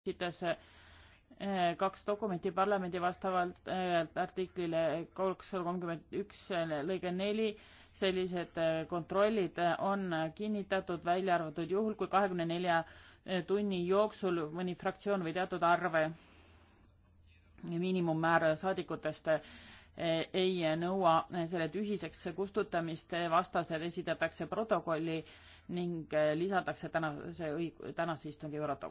esitas eh, kaks dokumenti parlamendi vastavalt eh, artiklile kolmsada kolmkümmend üks eh, lõige neli. sellised kontrollid on kinnitatud, välja arvatud juhul, kui kahekümne nelja tunni jooksul mõni fraktsioon või teatud arve miinimummäär saadikutest ei nõua selle tühiseks kustutamist, vastased esitatakse protokolli ning lisatakse tänase õig-, tänase istungi protokolli.